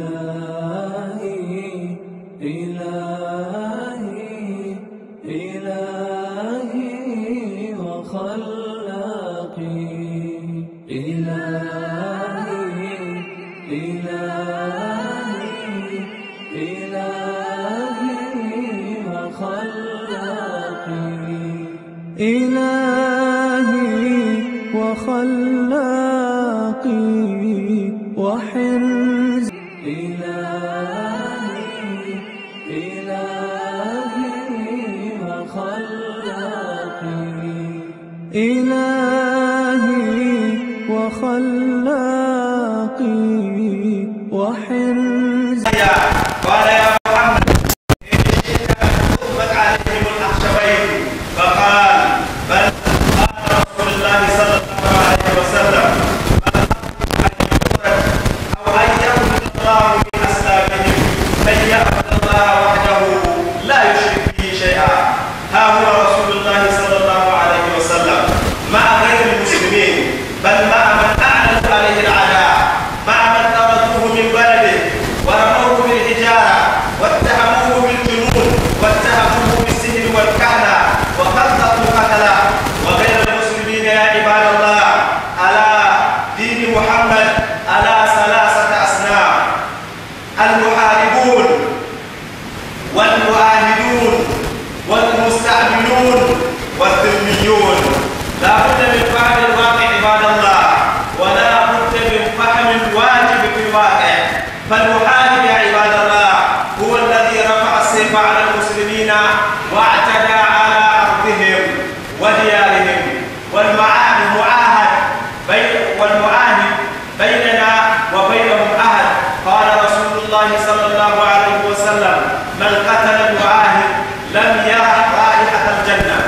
الله بل قتل المعاهد لم يرى رائحة الجنة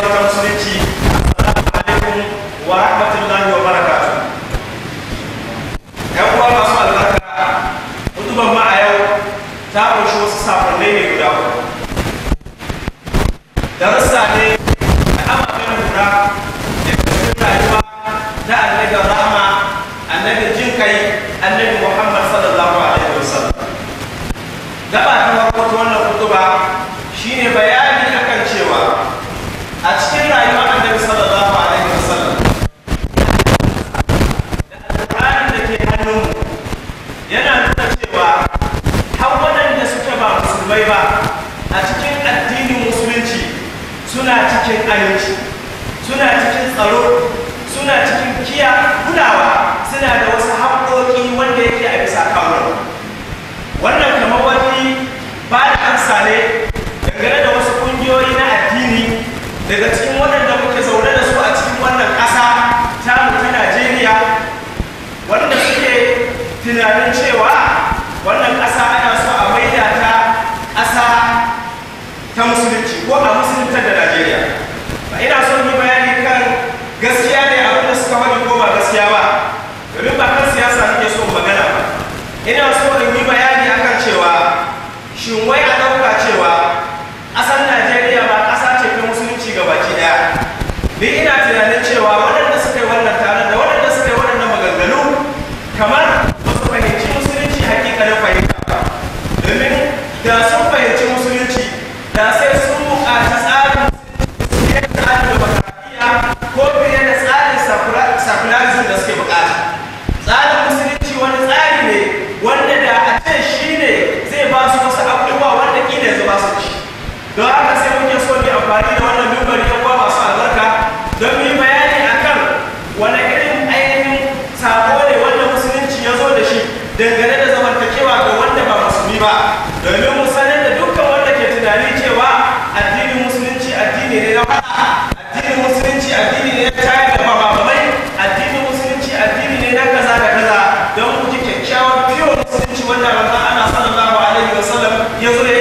gaisuwa ta musulunci assalamu alaikum wa rahmatullahi wa barakatuh yan uwa masu albarka mutuban ma a yau ta ƙunshi wasu sakonnai ne guda uku darussa ne da ababen lura da rayuwa ta annabi rahama annabi jin kai cikin aminci suna cikin tsaro suna cikin kiya kulawa suna da wasu haƙoƙi wanda yake a bisa kawai wannan kamar wani ba da amsa ne dangane da wasu ƙungiyoyi na addini daga cikin waɗanda muke zaune da su a cikin wannan ƙasa ta mutu ta najeriya wanda suke tunanin cewa ولا غطاء أنا صلى الله عليه وسلم يضرب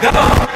Go!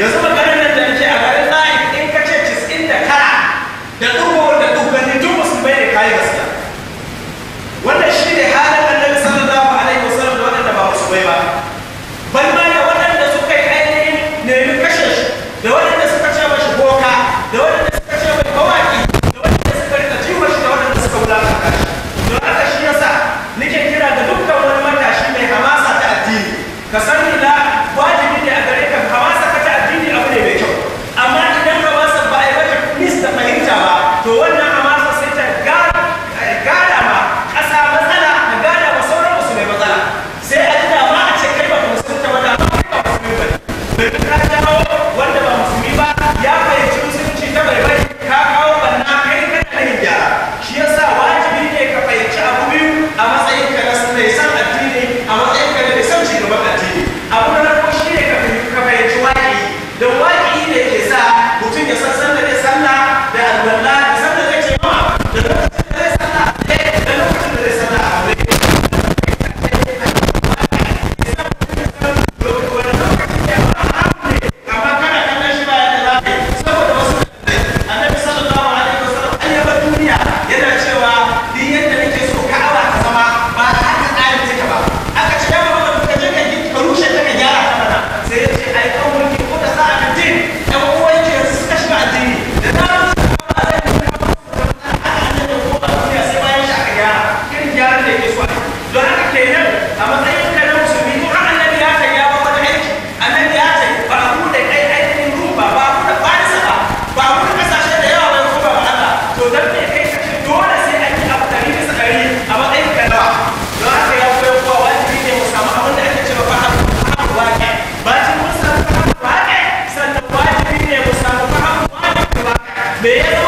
여성을 Beleza?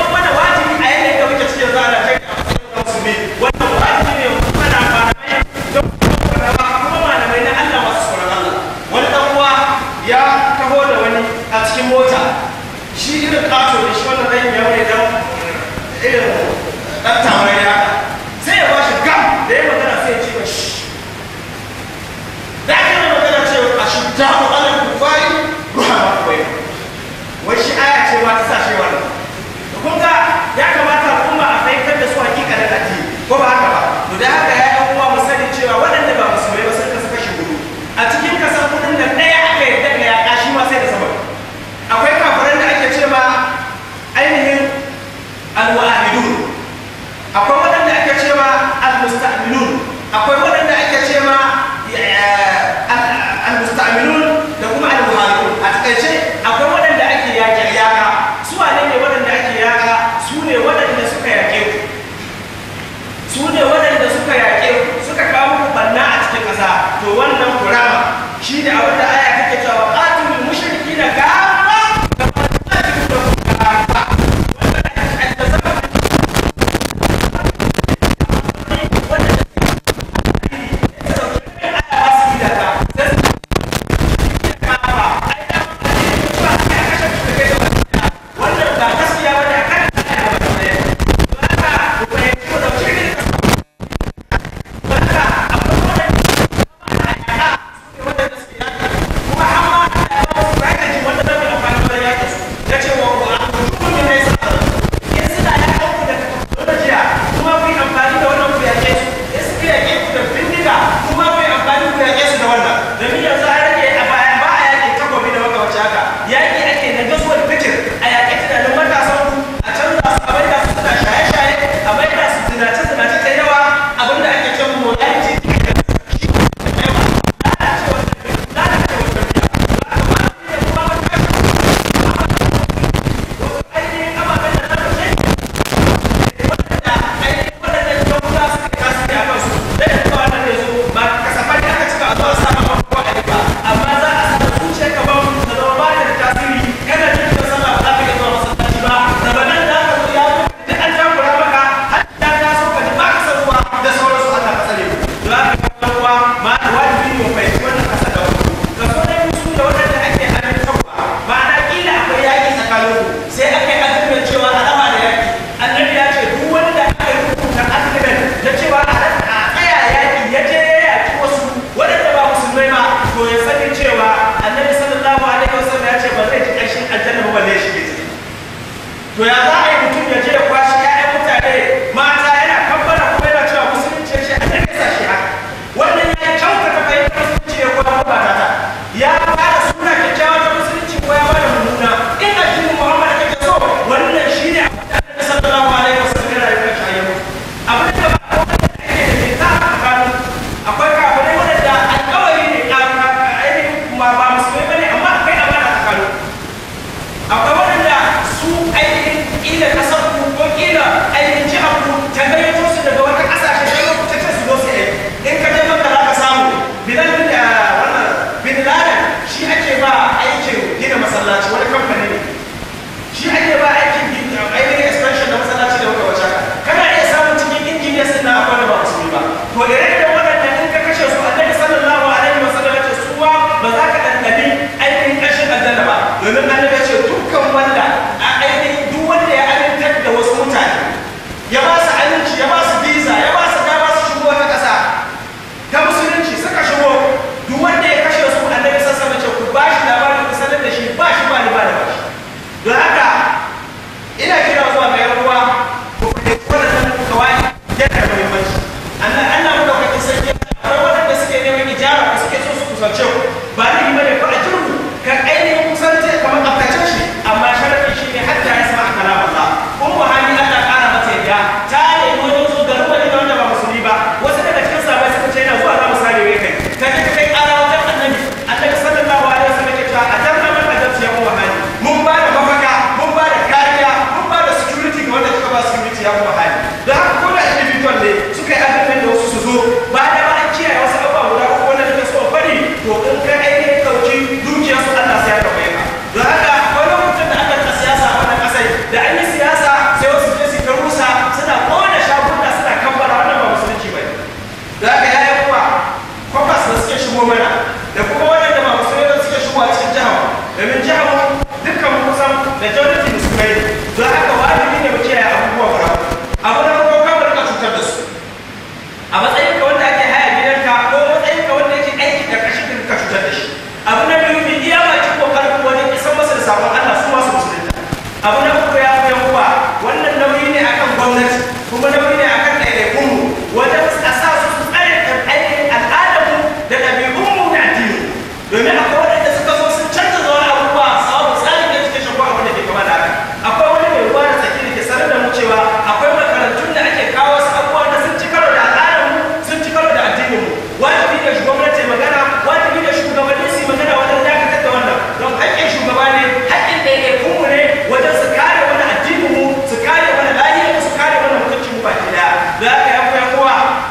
I je ya kwashe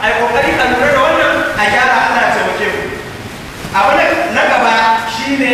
ai yi kokari a lura da wannan a gyara Allah taimake mu abu na gaba shine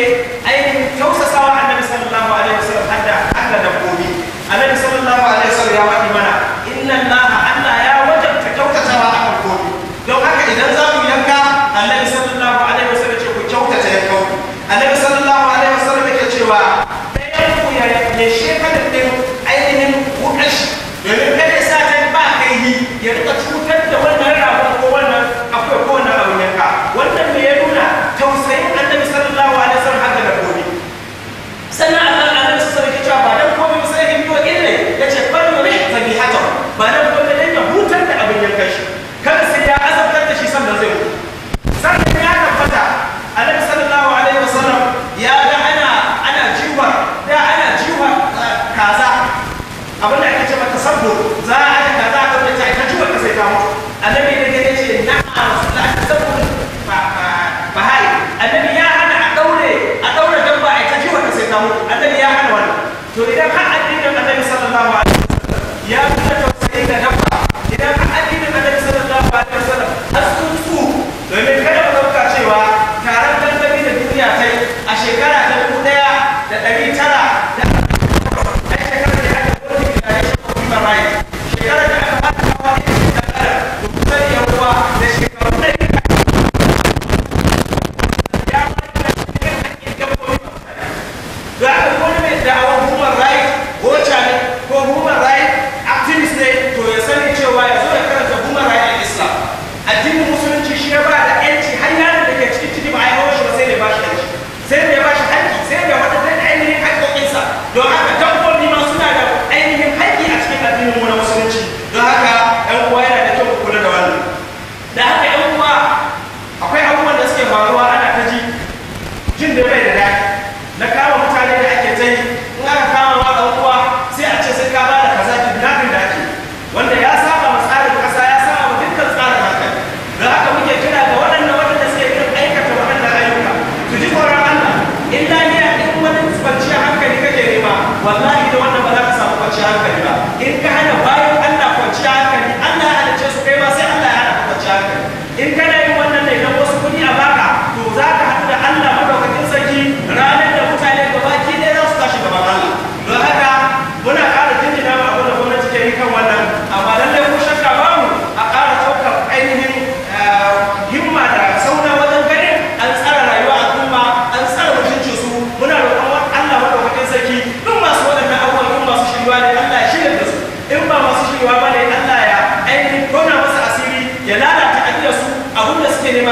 와.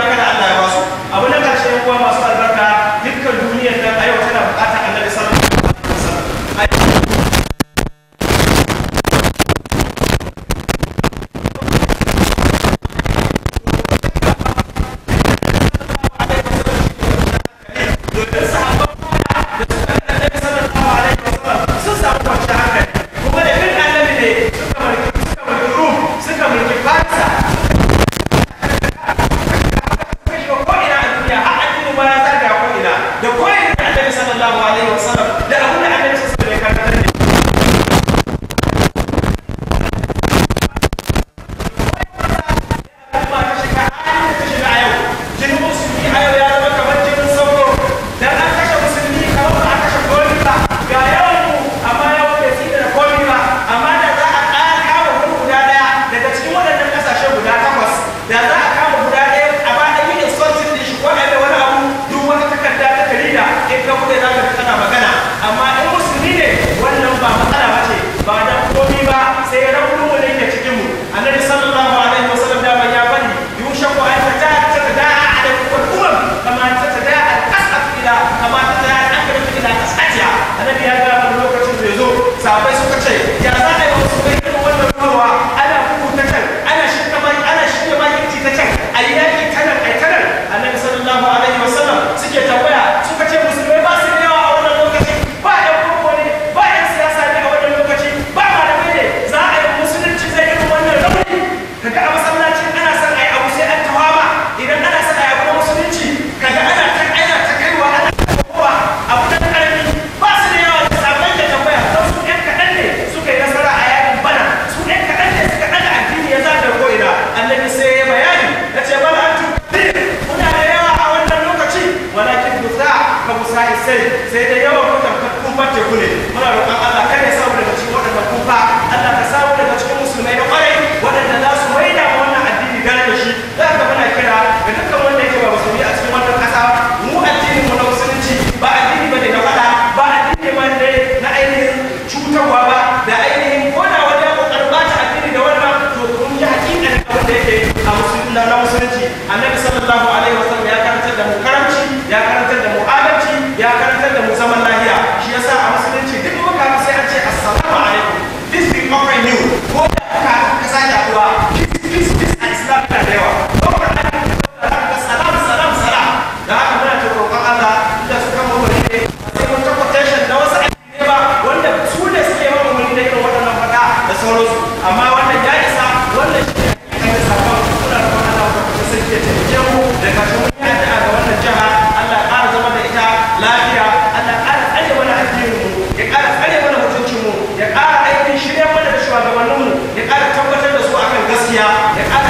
pra caralho. Vamos lá. sai sai sai da yawan kuka kun bace ku ne muna roƙon Allah lafiya Allah ƙara tsare mana addinin mu ya ƙara tsare mana mutuncin ya ƙara aikin shirya mana da shugabannin mu ya ƙara tabbatar da su akan gaskiya ya ƙara